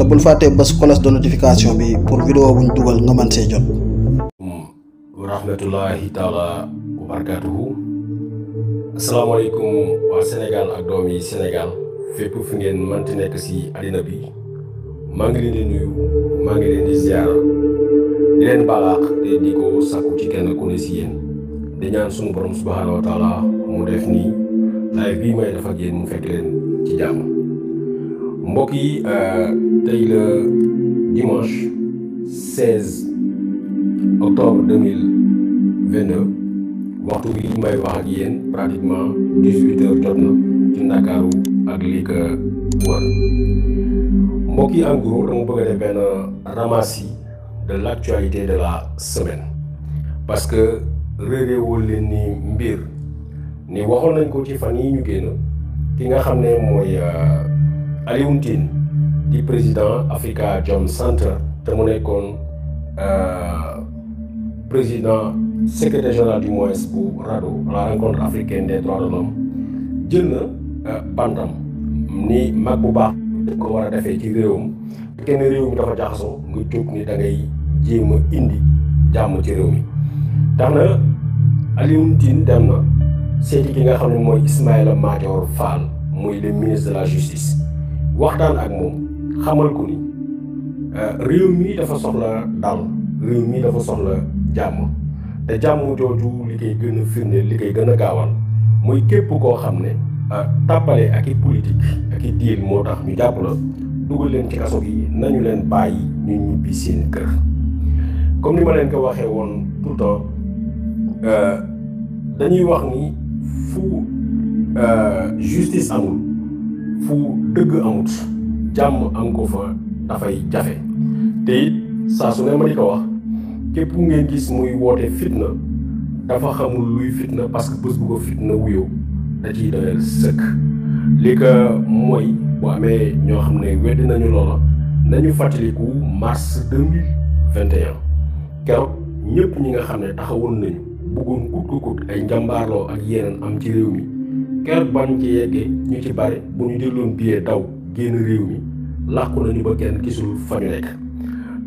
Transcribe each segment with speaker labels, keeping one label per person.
Speaker 1: te bul fàtte bés kolas de notification bi pour vidéo buñ dugal nga man sé jot wa rahmatullahi taala wa barakatuhu alaykum wa senegal ak domi senegal fepp fu fi man ti nek ci adina bi ma ngi leen di nuyu ma ngi leen di ziar di leen balax te di ko sakku ci kenn ko ne yeen di ñaan suñu borom subhanahu wa taala mu def ni live bi may def ak yéen mu fekk leen ci jamm mbokk yi euh, tey la dimanche octobre waxtu bi may wax ak yéen pratiquement 18 heures jot na ci Ndakaaru ak li ko wër mbokk yi en gros dama bëgg a de l' de la semaine parce que réeréewul leen ni mbir ni waxoon nañ ko ci fan yi ñu génn ki nga xam ne mooy. Euh, Alioune di président Africa John Center te kon euh président secrétaire général du Moes pour RADO, la rencontre africaine des droits de l'homme jël na euh, bandam ni mag bu baax ko wara a ci réewam kenn réew mi dafa nga ni da ngay indi jàmm ci réew mi tax na Alioune dem na seeti ki nga xamné moy Ismaïla Madior Fall moy le ministre de la justice waxtaan ak moom xamal ko ni euh, réew mi dafa soxla dal réew mi dafa soxla jàmm te jàmm jooju li koy gën a li koy gën a gaawal mooy képp koo xam ne euh, tàppale ak i politique ak i diil moo tax ñu jàpp la dugal leen ci kaso gi nañu leen bàyyi ñu ñibbi seen kër comme ni ma leen ko waxee woon tout le temps euh, dañuy wax ni fu justice amul fu dëgg amut jàmm am ko fa dafay jafe te it saa su ne ma di ko wax képp ngeen gis muy woote fitna dafa xamul luy fitna parce que bés bu ko fitna wuyoo da ciy doyal sëkk li ko mooy bu amee ñoo xam ne weddi nañu loola nañu fàttaliku mars deux mille vingt et un keroog ñëpp ñi nga xam ne taxawoon nañu bëggoon kut ko kut ay njàmbaarloo ak yeneen am ci réew mi ker bañ ci yeggee ñu ci bari bu ñu jëloon billet daw génn réew mi làqu nañu ba kenn gisul fa ñu nekk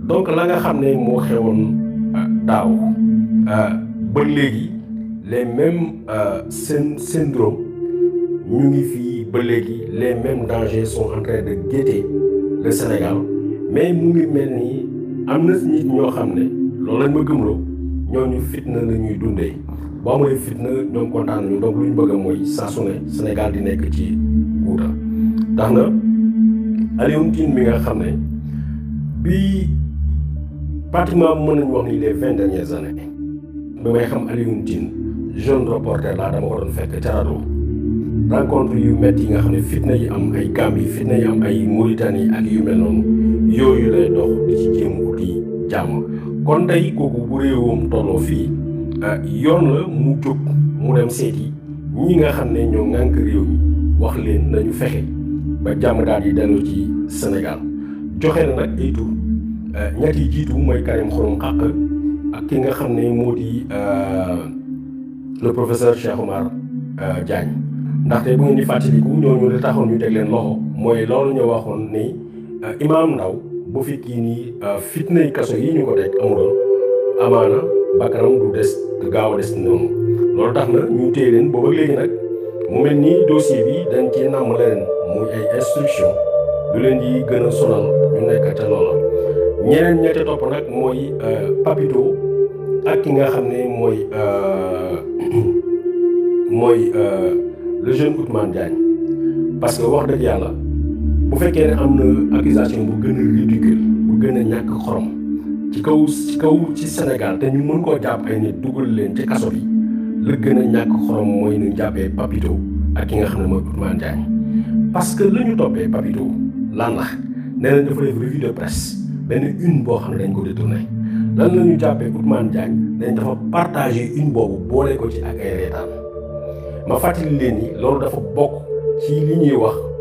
Speaker 1: donc la nga xamné mo xewon euh, daw euh ba légui les mêmes euh syndrome ñu ngi fi ba légui les mêmes dangers sont en train de guetter le Sénégal mais mu ngi melni amna am nit ñoo xamné loolu lañ ma gëmlo ñooñu fitna la ñuy dundee boo amulee fitna ñoom kontaan nañu donc lu ñu bëgg mooy saa su ne Sénégal di nekk ci guuta tax na Alioune Tine mi nga xam ne bi pratiquement mën nañu wax ni les vingt dernières années bi may xam Alioune Tine jeune reporter laa dama ko doon fekk ca rajo rencontre yu métti yi nga xam à ne fitna yi am ay Gambie fitna yi am ay Mauritanie ak à yu mel noonu yooyu lay dox di ci jéem wuti jàmm kon dey kooku bu réewam tolloo fii ah, yoon la mu jóg mu dem seeti ñi nga xam ne ñoo ŋànk réew mi wax leen nañu fexe ba jàmm daal di dellu ci Sénégal joxe na nag ay tur ah, ñett jiitu mooy Karim Xrum Xax ak ki nga xam ne moo di ah, le professeur Cheikh Oumar Diagne ndaxte bu ngeen di fàttaliku ñooñu li taxoon ñu teg leen loxo mooy loolu ñoo waxoon ni Imaam Ndao bu fekkii nii euh, fitnay kaso yi ñu ko teg amuloon amaana bakkanam du des gaaw a des noonu loolu tax na ñuy téye leen booba léegi nag mu mel nii dossier bi dañ ci nàmm leen muy ay instruction lu leen di gën a sonal ñu nekk ca loola ñeneen ña ca topp nag mooy euh, papito ak ki nga xam ne mooy euh, mooy le jeune Ousmane Diagne que wax dëgg yàlla bu fekkee ne am na accusation bu gën a ridicule bu gën a ñàkk xorom ci kaw ci kaw ci Sénégal te ñu mën koo jàpp ay nit dugal leen ci kaso bi la gën a ñàkk xorom mooy ñu jàppee Papito ak ki nga xam ne mooy Ousmane Diagne parce que la ñu toppee Papito lan la nee nañ dafa def revue de presse benn une boo xam ne dañ ko détourné lan la ñu jàppee Ousmane Diagne dañ dafa partager une boobu boole ko ci ak ay reetaan ma fàttali leen ni loolu dafa bokk ci li ñuy wax.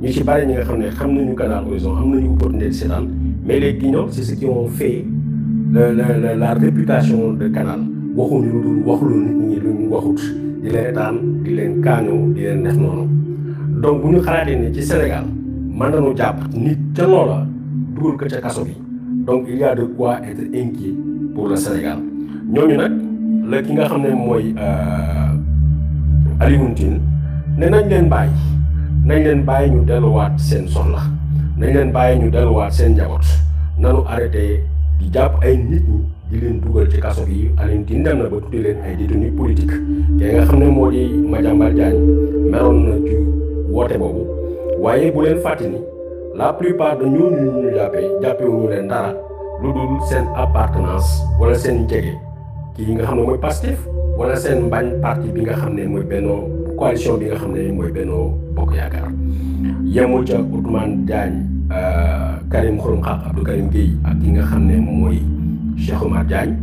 Speaker 1: ñu ci bari ñi nga xam ne xam nañu Canal Horizon am nañu opportunité de seetaan mais les guignols c'est ce qui ont fait la la la réputation de Canal waxuñu lu dul waxulu nit ñi lu ñu waxut di leen daan di leen kaañoo di leen def noonu donc bu ñu xalaatee ne ci Sénégal mën nañu jàpp nit ca loola dugal ko ca kaso bi donc il y a de quoi être inquiet pour le Sénégal ñooñu nag la ki nga xam ne mooy euh, Alioune Tine ne nañ leen bàyyi. nañ leen bàyyi ñu delluwaat seen soxla nañ leen bàyyi ñu delluwaat seen njaboot nanu arrêté di jàpp ay nit ñi di leen dugal ci kaso bi Alioune Tine dem na ba tuddi leen ay détenu politique te nga xam ne moo di Madiambal Diagne meroon na ci woote boobu waaye bu leen fàttali ni la plu de ñooñu ñu jàppee jàppewuñu leen dara lu dul seen appartenance wala seen njege kii nga xam ne mooy Pastef wala seen mbañ parti bi nga xam ne mooy bennoo coalition bi nga xam ne mooy Benno Bokk Yaakaar yemul ca Ousmane Diagne euh, Karim Khourou Xaq Abdou Karim Gueye ak ki nga xam ne mooy Cheikh Omar Diagne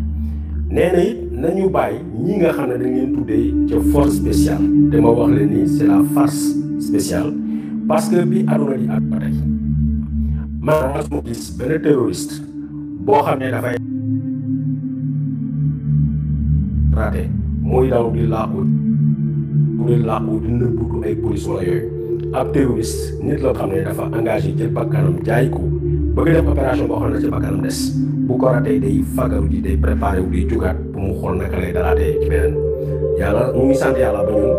Speaker 1: nee na it nañu bàyyi ñi nga xam ne dañ leen tuddee ca force spéciale te ma wax leen ni c'est la force spéciale parce que bi aduna di ak ba tey maanaam mu gis benn terroriste boo xam ne dafay raté muy daw di laaku bu dee làqu dina dugg ay police wala yooyu ab terroriste nit la xam ne dafa engagé jël bakkanam jaay ko bëgg def opération boo xam ne ci bakkanam des bu ko ratee day fagaru ji day préparé wu di jugaat bu mu xool naka lay dalaatee ci beneen yàlla mu ngi sant yàlla ba ñun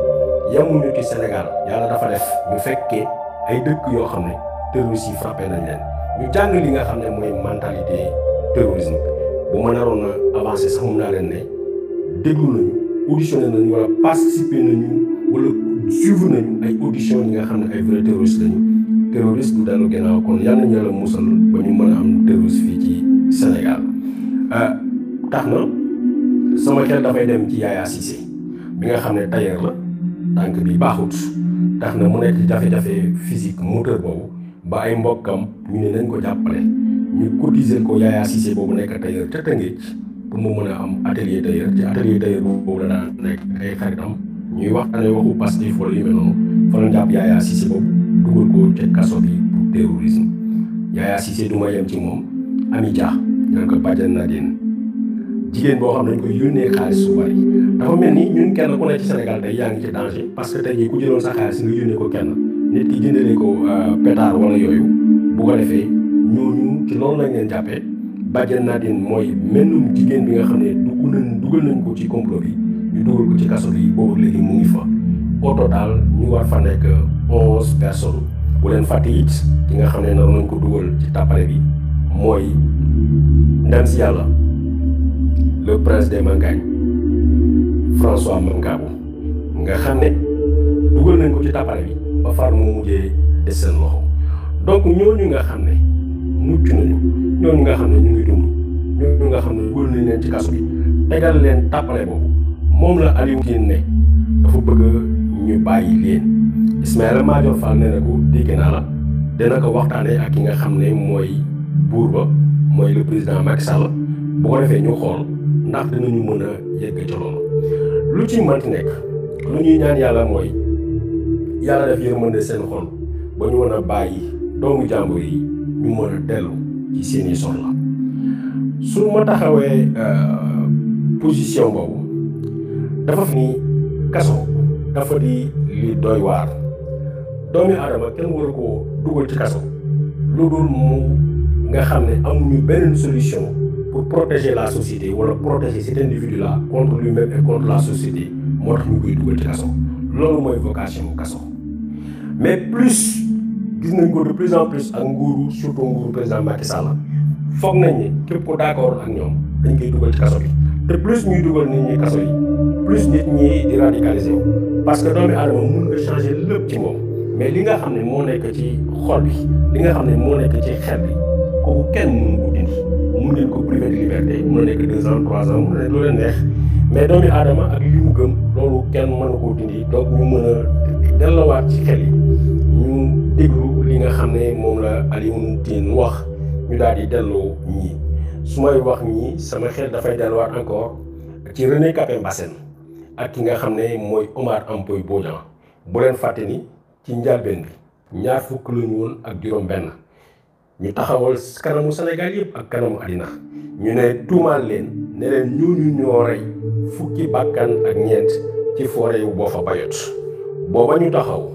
Speaker 1: yemuñu ci Sénégal yàlla dafa def ñu fekkee ay dëkk yoo xam ne terroristes yi frappé nañ leen ñu jàng li nga xam ne mooy mentalité terrorisme bu ma naroon na avancé sax mun ne auditionné nañu wala participé nañu wala suivre nañu ay audition yi nga xam ne ay vrai terroriste lañu terroriste du dalu gannaaw kon yal nañu la musal ba ñu mën a am terroriste fii ci Sénégal euh, tax na sama xel dafay dem ci Yaya Cissé bi nga xam ne tailleur la tànk bi baaxut tax na mu nekk jafe-jafe physique moteur boobu ba ay mbokkam ñu ne nañ ko jàppale ñu cotiser ko Yaya Cissé boobu nekk tailleur ca Tëngéej pour mu mën a am atelier tailleur ci atelier tailleur boobu la daan nekk ay xaritam ñuy waxtaanee waxu Pastef wala yu mel noonu fa la jàpp Yaya Cissé ca kaso bi pour terrorisme Yaya Cissé yem ci moom ami jaax ñaan ko bàjjan na génn jigéen boo xam ne dañ koy yónnee xaalis su bari dafa mel ni ñun kenn ku ne ci Sénégal tey yaa ngi ci danger parce que tey jii ku jëloon sa xaalis nga yónnee ko kenn nit ki jëndalee ko euh, pétard wala yooyu bu ko defee ñooñu ci loolu lañ leen bàjjan naa den mooy mennum jigéen bi nga xam ne dugg nañ ko ci complot bi ñu dugal ko ci kaso bi boobu léegi mu ngi fa au total ñu war fa bu leen fàtte it ki nga xam ne naroon nañ ko dugal ci tàppale bi mooy ndem si yàlla le prince des Mangaañ François Mangabou nga xam ne dugal nañ ko ci tàppale bi ba far mu mujjee des seen loxo donc ñooñu nga xam ne mucc nañu ñooñu nga xam ne ñu ngi dund ñooñu nga xam ne wóor nañ leen ci kaso bi tegal leen tàppale boobu moom la Aliou Tine ne dafa bëgg ñu bàyyi leen Ismaïla Madior Fall nee na ko dégg naa la dana ko waxtaanee ak ki nga xam ne mooy buur ba mooy le président Macky Sall bu ko defee ñu xool ndax dinañu mën a yegg ci loolu lu ci mënti nekk lu ñuy ñaan yàlla mooy yàlla def yërmande seen xol ba ñu mën a bàyyi doomu jàmbur yi ñu mën a dellu ci seeni soxla su ma taxawee euh, position boobu dafa fi ni kaso dafa di li doy waar doomi adama kenn waru koo dugal ci kaso lu dul mu nga xam ne amuñu benn solution pour protéger la société wala protéger cet individu là contre lui-même et contre la société moo tax ñu koy dugal ci kaso loolu mooy vocation kaso mais plus gis nañ ko de plus en plus ak nguuru surtout nguuru président Macky Sall foog nañ ne képp ku d'accord ak ñoom dañ koy dugal ci kaso bi te plus ñuy dugal nit ñi kaso yi plus nit ñi di radicaliser wu que doomi aadama mun nga changer lépp ci moom mais li nga xam ne moo nekk ci xol bi li nga xam ne moo nekk ci xel bi kooku kenn mënu ko dindi mun ngeen ko privé de liberté mun na nekk deux trois ans mun na loo leen neex mais doomi aadama ak li mu gëm loolu kenn mën na koo dindi donc yi déglu li nga xamné mom la aliou tin wax ñu daal di delloo ñii su may wax ñi sama xel dafay delluwaat encore ci René Capé Mbassène ak ki nga xamné moy Omar Ampoy Bojan bu len faté ni ci njàlbeen bi ñaar lu ñu won ak juróom ben ñu taxawal kanamu Sénégal yépp ak kanamu Adina ñu ne tuumaal leen ne leen ñu ñoo rey fukki bakkan ak ñent ci foré wu bofa bayot ñu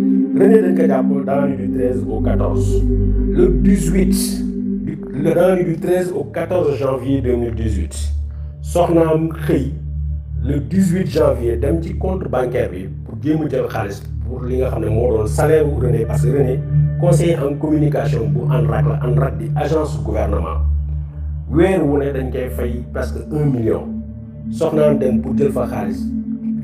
Speaker 1: René de Kadiapo dans le du 13 au 14. Le 18, le, dans du 13 au 14 janvier 2018. Sornam am le 18 janvier dem ci compte bancaire bi pour jéem a jël pour li nga xam ne doon salaire ou René parce que René conseiller en communication bu ANRAC la ANRAC di gouvernement weer wu ne dañ koy fay presque un million Sornam dem pour jël fa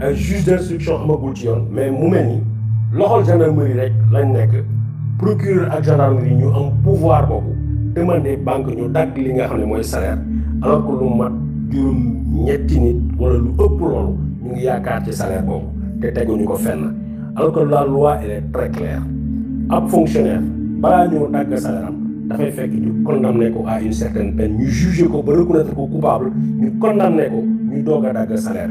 Speaker 1: un juge d'instruction amagul ci mais mu mel ni loxol gendarmerie rek lañ nekk procureur ak gendarmerie ñu am pouvoir boobu demander banque ñu dagg li nga moyens salaires. salaire alors que lu mat juróom ñetti nit wala lu ëpp loolu ñu ngi yaakaar ci salaire boobu te teguñu ko fenn alors que la loi elle est très claire Un fonctionnaire balaa ñoo dagg salaire am dafay fekk ñu condamné ko à une certaine peine ñu juger ko ba reconnaître ko coupable ñu condamné ko ñu doog a salaire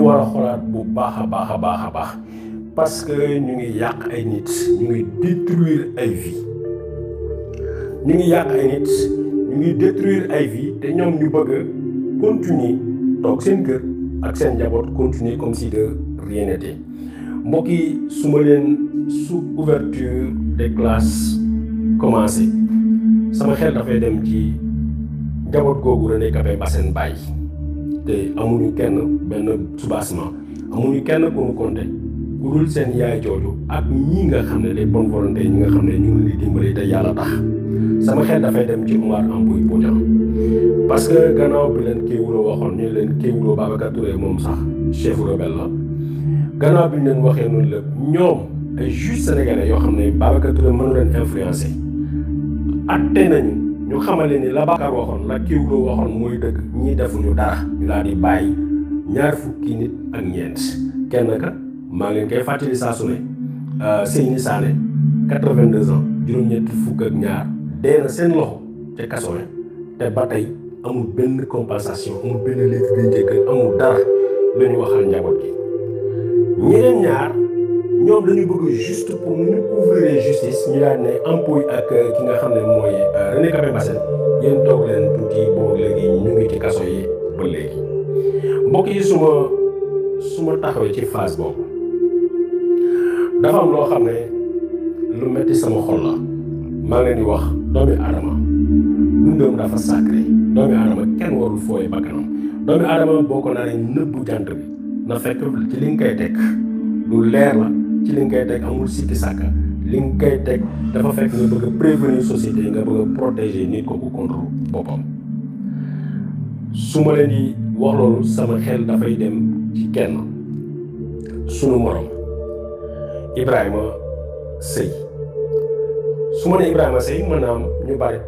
Speaker 1: ñu war a xoolaat bu baax a baax a baax a baax parce que ñu ngi yàq ay nit ñu ngi détruire ay vie ñu ngi yàq ay nit ñu ngi détruire ay vie te ñoom ñu bëgg a continuer toog seen kër ak seen njaboot continuer comme si de rien mbokk yi su ma leen sous ouverture des classes commencé sama xel dafay dem ci njaboot googu René ba seen Baye te amuñu kenn benn soubassement amuñu kenn ku ñu compter ku seen yaay jooju ak ñii nga xam ne les bonnes volontés ñi nga xam ne ñu ngi leen te yàlla tax sama xel dafay dem ci Oumar Amboy Bodian parce que gannaaw bi leen Kéwoulo waxoon ñu leen Kéwoulo Babacar moom sax chef rebelle la gannaaw bi ñu leen waxee noonu lépp ñoom ay juge sénégalais yoo xam ne Babacar Touré mënu leen nañu. ñu xamale ni la Bakar waxoon la kiwloo waxoon mooy dëgg ñi defuñu dara ñu daal di bàyyi ñaar fukki nit ak ñeent kenn ka maa ngeen koy fàttali saa su ne Seyni Sané quatre-vingt-deux ans juróom-ñetti fukk ak ñaar dee na seen loxo ca kaso la te ba tey amul benn compensation amul benn lettre de njëkkal amul dara la ñu waxal njaboot gi ñeneen ñaar ñoom dañu bëgg juste pour nu couvrir justice ñu daan ne Ampoy ak ki nga xam ne mooy euh, René Capain Bassène yéen toog leen tuuti boobu léegi ñu ngi ci kaso yi ba léegi mbokk yi suma ma su ci phase boobu dafa am loo xam ne lu metti sama xol la maa ngi leen di wax doomi aadama dundam dafa sacré doomi aadama kenn warul fooye bakkanam doomi aadama boo ko naree nëbbu jant bi na fekk ci li nga koy teg lu leer la ci li nga koy teg amul sikki sàkka li nga koy teg dafa fekk nga bëgg a prévenir société nga bëgg a protéger nit kooku contre boppam su ma leen di wax loolu sama xel dafay dem ci kenn sunu morom Ibrahima Sëy su ma ne Ibrahima Sëy mën naa am ñu bari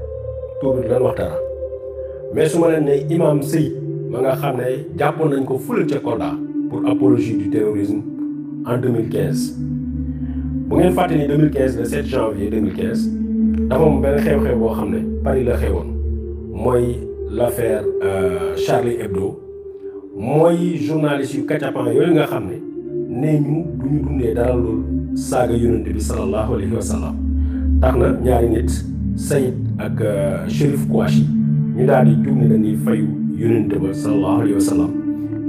Speaker 1: tuur lan wax dara mais su ma leen ne Imaam Sëy ma nga xam ne jàppoon nañ ko fële ca Kolda pour apologie du terrorisme en 2015 bu ngeen fàtte ni 2015 le 7 janvier 2015 nous avons benn xew-xew boo xam Paris la xewoon mooy l'affaire euh, Charlie Hebdo moi journaliste yu kacapan yooyu nga xam ne nee ñu dans ñu saga dara bi sallallahu alayhi wa sallam taxna ñaari nit Saïd ak euh, Chérif Kouachi ñu daal di jug ne dañuy fayu yonent ba sallallahu alayhi wa sallam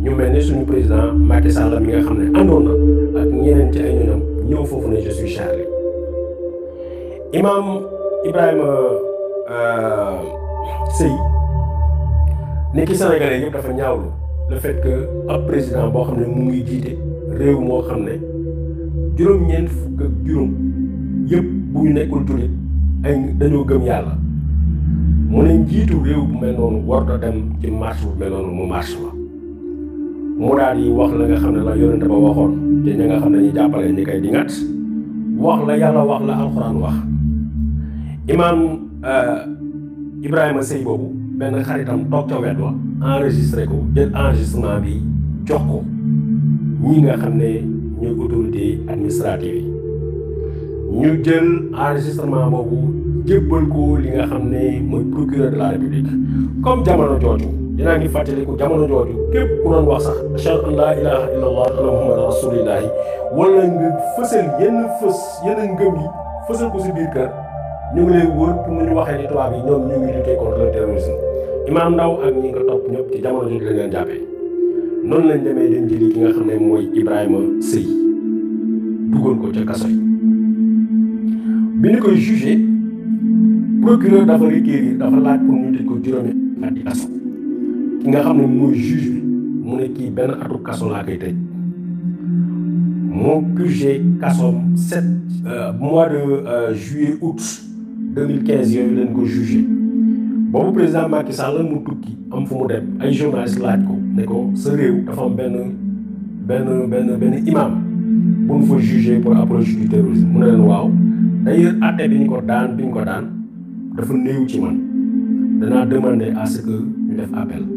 Speaker 1: ñu mel ne suñu président Macky Sall mi nga xam ne àndoon na ak ñeneen ci ay ñoñam ñëw foofu ne je suis Charlie imam Ibrahima euh, Seye nekki sénégalais yëpp dafa ñaawlu le fait que ab président boo xam ne mu ngi jiite réew moo xam ne juróom-ñeent fukk juróom yëpp bu ñu nekkul tulit ay dañoo gëm yàlla mu ne njiitu réew bu mel noonu war da dem ci marche bu mel noonu mu marche la mu daal wax la nga xam ne la yonent ba waxoon te ña nga xam ne ñu jàppale ñi koy dingat wax la yàlla wax la alxuraan wax imaam euh, Ibrahima Sëy boobu benn xaritam toog ca wet wa enregistré ko jël enregistrement bi jox ko ñi nga xam ne ñooy autorité administrative yi ñu jël enregistrement boobu jébbal ko li nga xam ne mooy procureur de la comme jamono jooju dinaa ngi fàttaliku jamono jooju képp ku doon wax sax ashhadu an laa ilaaha illallah anna muhammadan rasulillahi wala nga fësal yenn fës yenn ngëm yi fësal ko si biir kër ñu ngi lay wóor pour mu ñu waxee ni tubaab yi ñoom ñu ngi lutter imaam Ndaw ak ñi nga topp ñëpp ci jamono jooju lañ leen jàppee noonu lañ demee dem jëli ki nga xam ne mooy Ibrahima Sëy duggoon ko ca kaso yi bi ñu koy jugé procureur dafa requérir dafa laaj nga xam ne mooy juge bi mu ne kii benn atu kaso laa koy tëj moo purgé kasoom sept euh, mois de euh, juillet août 2015 mille yooyu leen ko jugé boobu président Macky Sall mu tukki am fu mu dem ay journaliste laaj ko ne ko sa réew dafa am benn benn benn benn imam bu mu fa jugé pour approche du terrorisme mu ne leen waaw d'ailleurs atte bi ñu ko daan bi ñu ko daan dafa néew ci man danaa demander à ce que ñu def appel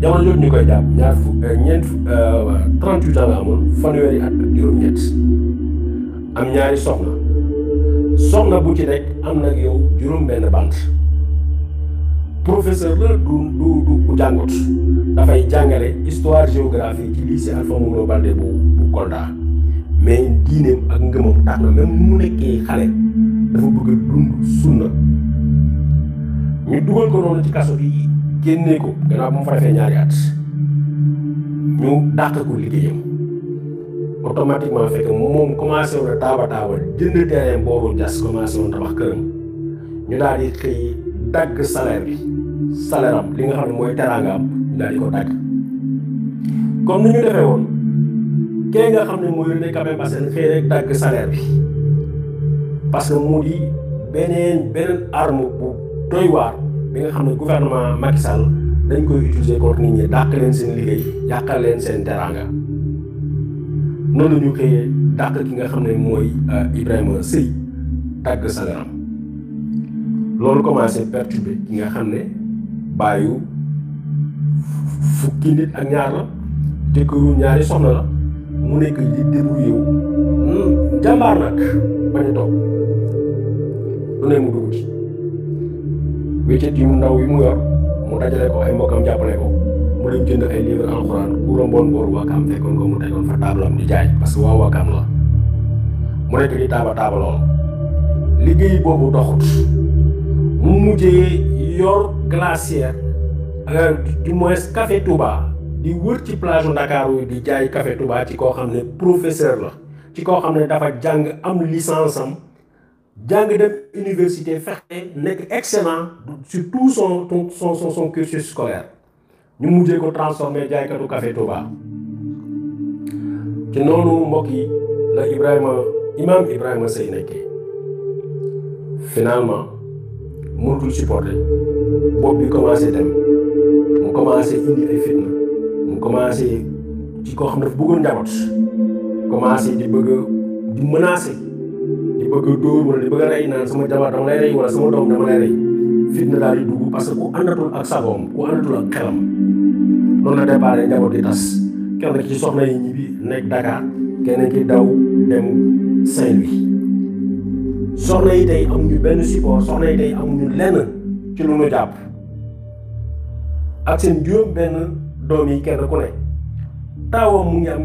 Speaker 1: jamono jooju ñu koy jàpp ñaar fukk euh, ñeent euh, trente-huit ans la amoon fanweeri at juróom-ñett am ñaari soxna soxna bu ci rek am nag yow juróom-benn bant professeur la du du du jàngut dafay jàngale histoire géographie ci lycée Alpha Moulo Baldé bu bu Kolda mais diineem ak ngëmam tax na même mu nekkee xale dafa bëgg a dund sunna ñu dugal ko noonu ci kaso bi génnee ko gannaaw bu mu fa defee ñaari at ñu dàq ko liggéeyam automatiquement fekk moom commencé woon a taaba boobu jas commencé woon tabax këram ñu daal dagg salaire bi li nga xam ne mooy teraangaam ñu daal di ko dagg comme ni ñu defee kee nga xam ne mooy René Capain Bassène xëy dagg salaire bi que mu di beneen beneen arme bu doy bi nga xam ne gouvernement Macky dañ koy utiliser contre nit ñi dàq leen seen liggéey yàqal leen seen teraanga noonu ñu xëyee dàq ki nga xam ne mooy euh, Ibrahima Sëy tàgg sagaram loolu commencé perturber ki nga xam ne bàyyu fukki nit ak ñaar la te këru ñaari soxna la mu nekk li débrouillé wu hmm, jàmbaar nag bañ a toog lu ne mu dugg ci wéccé di mu ndaw yi mu yor mu dajalé ko ay mbokam jappalé ko mu lim jënd ay livre alcorane ku bor wa kam fekkon ko mu tegoon fa tablam di jaay parce wa wa kam la mu rek di taba taba lol liggéey bobu doxut mu mujjé yor glacier euh du moins café Touba di wër ci plage dakar yi di jaay café Touba ci ko xamné professeur la ci ko xamné dafa jang am licence am jàng dem université fexe nekk excellent sur tout son son son son cursus scolaire ñu mujjee ko transformé jaaykatu café Touba ci noonu mbokk yi la Ibrahima imam Ibrahima Seye nekkee finalement mënatul supporter bopp bi commencé dem mu commencé indi ay fitna mu commencé ci koo xam ne dafa bëggoon njaboot commencé di bëgg di menacer. bëgg a dóor wala di bëgg a rey naan sama jabar dama lay rey wala sama doom dama lay rey fitna daal di dugg parce ku àndatul ak sagoom ku àndatul ak xelam noonu la déparé njaboot di tas kenn ki ci soxna yi ñibbi nekk Dakar kenn ki daw dem Saint-Louis soxna yi tey amuñu benn support soxna yi tey amuñu lenn ci lu ñu jàpp ak seen juróom benn doom yi kenn ku ne taawam mu ngi am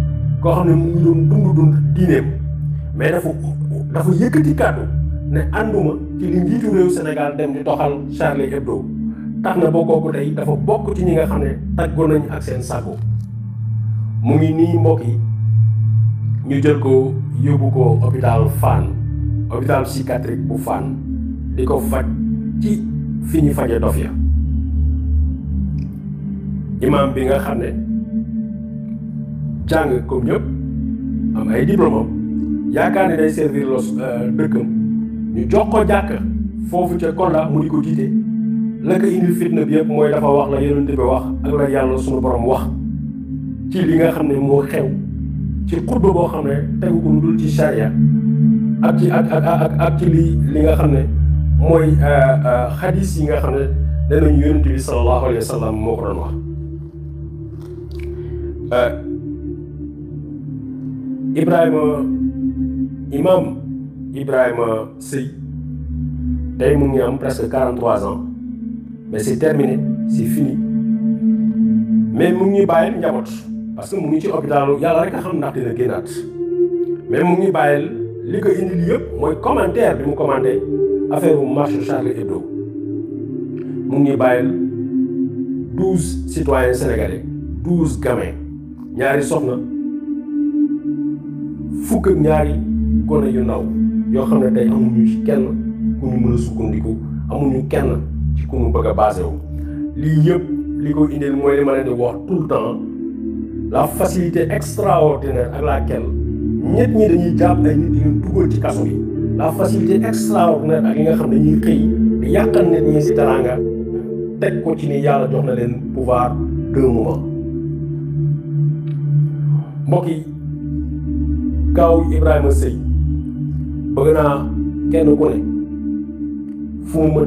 Speaker 1: koo xam ne mu ngi doon dund dund diineem mais dafa dafa yëkkati kàddu ne ànduma ci li njiitu réew Sénégal dem di toxal Charlie Hebdo tax na ba kooku tey dafa bokk ci ñi nga xam ne tàggoo nañu ak seen sago mu ngi nii mbokk yi ñu jël ko yóbbu ko hôpital Fann hôpital psychiatrique bu Fann di ko faj ci fi ñu faje dof ya imaam bi nga xam ne jàng comme ñëpp am ay diplôme yaakaar ne day servir los euh, dëkkam ñu jox ko jàkk foofu ca Kolda mu di ko jiite la indi fitna bi yëpp mooy dafa wax la yonent bi wax ak la yàlla suñu borom wax ci li nga xam ne moo xew ci xutba boo xam ne tegu ko dul ci charia ak ci ak ak ak ci li li nga xam ne mooy euh, euh, xadis yi nga xam ne danañu yonent bi sallallahu alayhi wa moo ko doon wax Ibrahim, imam Ibrahim si, presque 43 ans mais c'est terminé c'est fini mais mu ngi parce que mu ci il rek xam ndax dina mais mu ngi bàyyil li ko commentaire bi mu commandé affaire bu marche Charles Hebdo mu ngi 12 citoyens sénégalais 12 gamins ñaari soxna. fukk ak ñaari gone yu ndaw yoo xam ne tey amuñu ci kenn ku ñu mën a sukkandiku amuñu kenn ci ku ñu bëgg a lii yëpp li ko indil mooy li ma leen di wax tout le temps la facilité extraordinaire ak laquelle ñett ñi dañuy jàpp ay nit yu dugal ci kaso yi. la facilité extraordinaire ak li nga xam ne ñuy xëy di yàqal nit ñi si teraanga teg ko ci ni yàlla jox na leen pouvoir deux Gaw Ibrahima Sëy bëgg kenn ku ne fu mu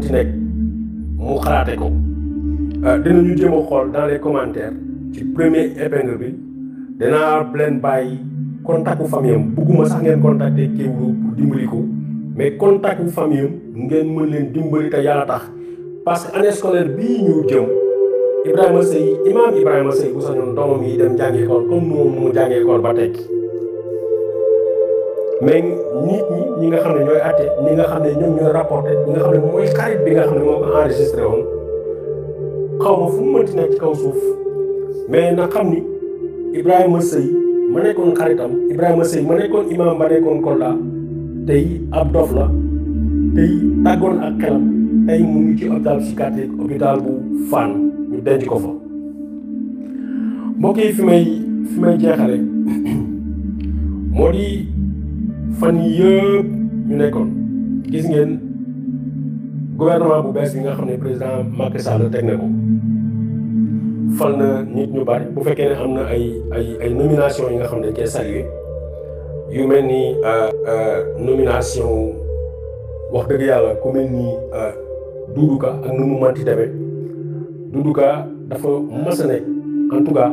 Speaker 1: euh, dinañu dans les commentaires ci premier épingle bi danaa leen bàyyi contactu famille am sax ngeen contacter pour mais contactu famille am ngeen mën dimbali te parce que année scolaire bii ñu jëm Ibrahima Sëy imam Ibrahima Sëy bu doomam yi dem école comme mais nit ñi ñi nga xam ne ñooy atte ñi nga xam ne ñoom ñooy rapporté ñi nga xam ne mooy xarit bi nga xam ne moo ko enregistré woon xaw ma fu mu mënti nekk ci kaw suuf mais na xam ni Ibrahima Sëy ma nekkoon xaritam Ibrahima Sëy ma nekkoon imam ba nekkoon Kolda tey ab dof la tey tàggoon ak xelam tey mu ngi ci hôpital psychiatrique hôpital ko fa fi may fi may jeexale moo di fan yii yëpp ñu nekkoon gis ngeen gouvernement bu bees yi nga xam ne président Macky Sall teg na ko fal na nit ñu bari bu fekkee ne am na ay ay ay nomination yi nga xam ne dañ koy saluer yu mel ni euh, euh, nomination wax dëgg yàlla ku mel ni euh, Doudou Ka ak nu mu manti demee Doudou Ka dafa mas a tout cas.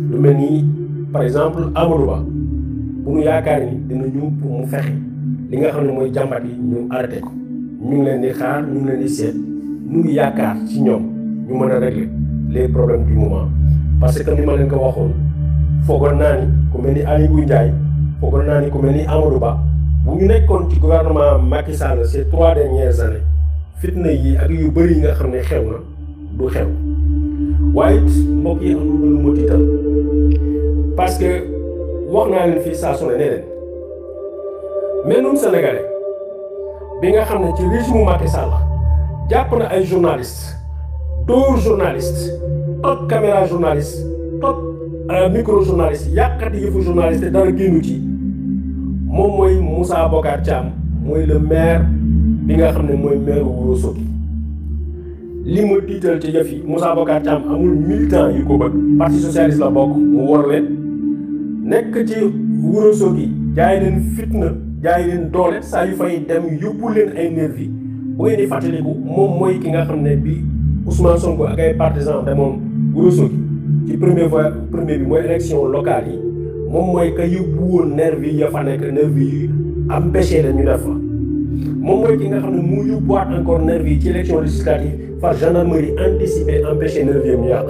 Speaker 1: lu mel ni par exemple Amadou Ba bu ñu yaakaar ni dina ñu pour mu fexe li nga xam ne mooy jàmbat yi ñu arrêté ko ñu ngi leen di xaar ñu leen di seet ñu ngi yaakaar ci ñoom ñu mën a régler les problèmes du moment parce que ni ma leen ko waxoon foogoon naa ni ku mel ni Aliou Ndiaye foogoon naa ni ku mel ni Amadou Ba bu ñu nekkoon ci gouvernement Macky Sall ces trois dernières années fitna yi ak yu bëri yi nga xam ne xew na du xew waaye it am lu ma tiital parce que wax naa leen fii saa su bi nga xam ne ci régime Macky Sall jàpp na ay journaliste dóor journaliste toj caméra journaliste toj euh, micro journaliste yàqati yëfu journaliste dara génnu ci moom mooy Moussa Bocar mooy le bi nga xam ne mooy maire Ouro li ma tiital ci yëf yi Moussa Bocar Thiam amul militant yu ko bëgg la bokk mu war leen nekk ci Wuro Sogi jaay leen fitna jaay leen doole saa yu fay dem yóbbu leen ay nervi bu ngeen di fàttaliku moom mooy ki nga xam ne bi Ousmane Sonko ak ay partisans demoon Wuro Sogi ci premier fois premier bi mooy élection locale yi moom mooy ka yóbbu woon nervi ya fa nekk nervi yi empêché la ñu def fa moom mooy ki nga xam ne mu yóbbuwaat encore nervi yi ci élection législative par gendarmerie anticipée empêché nervi yam ñu yàq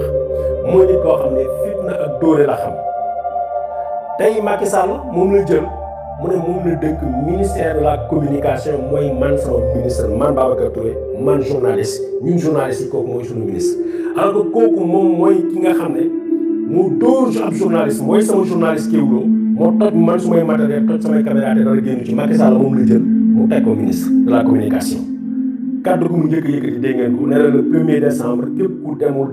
Speaker 1: mooy nit koo xam ne fitna ak dóore la xam tey Macky Sall moom la jël mu ne moom la dëkk ministère la communication mooy man sama ministre man Babacar Touré man journaliste ñun journaliste yi kooku mooy suñu ministre. alors que kooku moom mooy ki nga xam ne mu dóor ab journaliste mooy sama journaliste Kéwoulo moo toj man su may matériel toj samay caméra te dara génn ci Macky moom la jël mu teg ko ministre la communication. kaddu gu mu njëkk yëkkati dégg ngeen ko ne premier décembre képp demul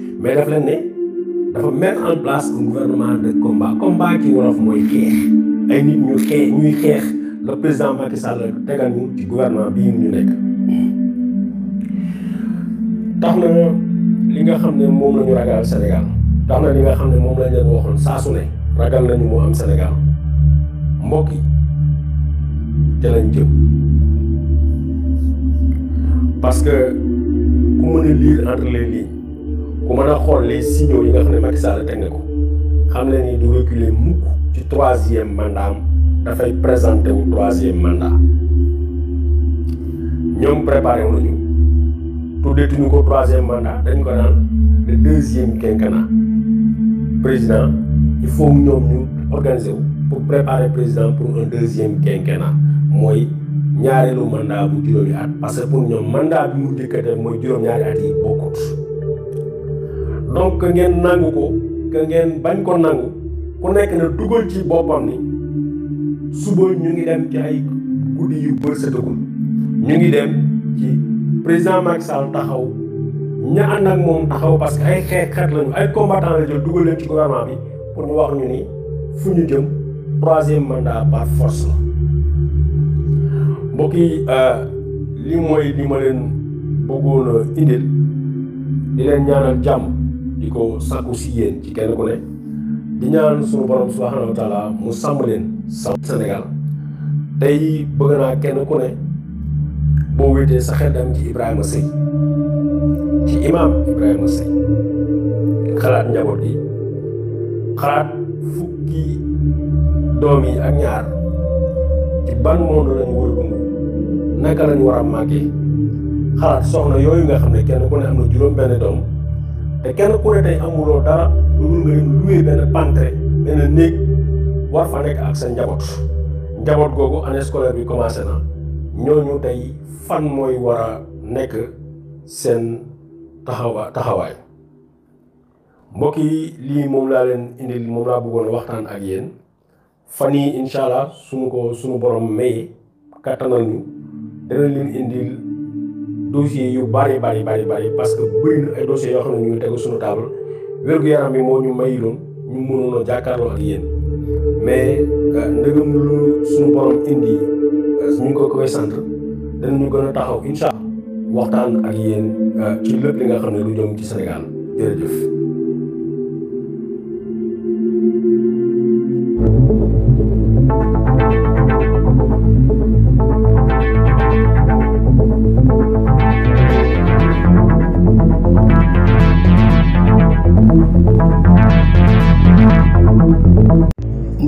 Speaker 1: mais il leen mettre en place un gouvernement de combat combat qui wolof mooy xeex ay ñu ñuy le président Macky Sall tegal ñu ci gouvernement ñu tax na li nga Sénégal tax na li nga su ragal nañu Sénégal parce que ku lire entre les lignes bu mën les signaux yi nga xam ne Macky Sall teg na ko xam ne ni du reculer le troisième mandat Il faut présenter le troisième mandat Nous préparé préparons. Pour tuddeetuñu le troisième mandat nous avons le deuxième quinquennat président il faut nous organiser pour préparer le président pour un deuxième quinquennat Moi, le mandat le mandat at parce que pour le mandat bi mu njëkk a def beaucoup de ñaari donc que ngeen nangu ko que ngeen bañ ko nangu ku nekk na dugal ci boppam ni suba ñu ngi dem ci ay guddi yu bërsëtagul ñu ngi dem ci président Macky Sall taxaw ña ànd moom taxaw parce que ay xeexkat lañu ay combattant la jël ci gouvernement bi pour ñu wax ñu ni fu ñu jëm troisième par force la mbokk yi euh, li mooy li ma leen bëggoon a indil di leen ñaanal jàmm diko sakusien, sàkku si ci kenn ku ne di ñaan suñu borom subhanahu wa taala mu sàmm leen Sénégal tay bëgg na kenn ku ne bo wété sa xel ci Ibrahima Sey ci imam Ibrahima Sey xalaat njabot yi xalaat fukki doom yi ak ñaar ci ban monde lañu wër bu naka lañu wara a xalaat soxna yoyu nga kenn ku ne am na benn doom te kenn ku ne tey amuloo dara lu dul nga dem loué benn panthère benn néeg war fa nekk ak sa njaboot njaboot googu année scolaire bi commencé na ñooñu tey fan mooy war a nekk seen taxawa taxawaay mbokk yi lii moom laa leen indil moom laa bëggoon waxtaan ak yéen fan yii incha allah ko suñu borom maye kattanal ñu dana leen indil. dossiers yu bari bari bari bari parce que bëri na ay dossiers yoo xam ne ñu ngi tegu suñu table wér-gu-yaram bi moo ñu mayiloon ñu mënoon a jàkkaarloo ak yéen mais euh, ndëgëm lu suñu borom indi euh, ñu ngi ko koy sant danañu gën a taxaw incha allah waxtaan ak yéen euh, ci lépp li nga xam ne lu jëm ci Sénégal jërëjëf.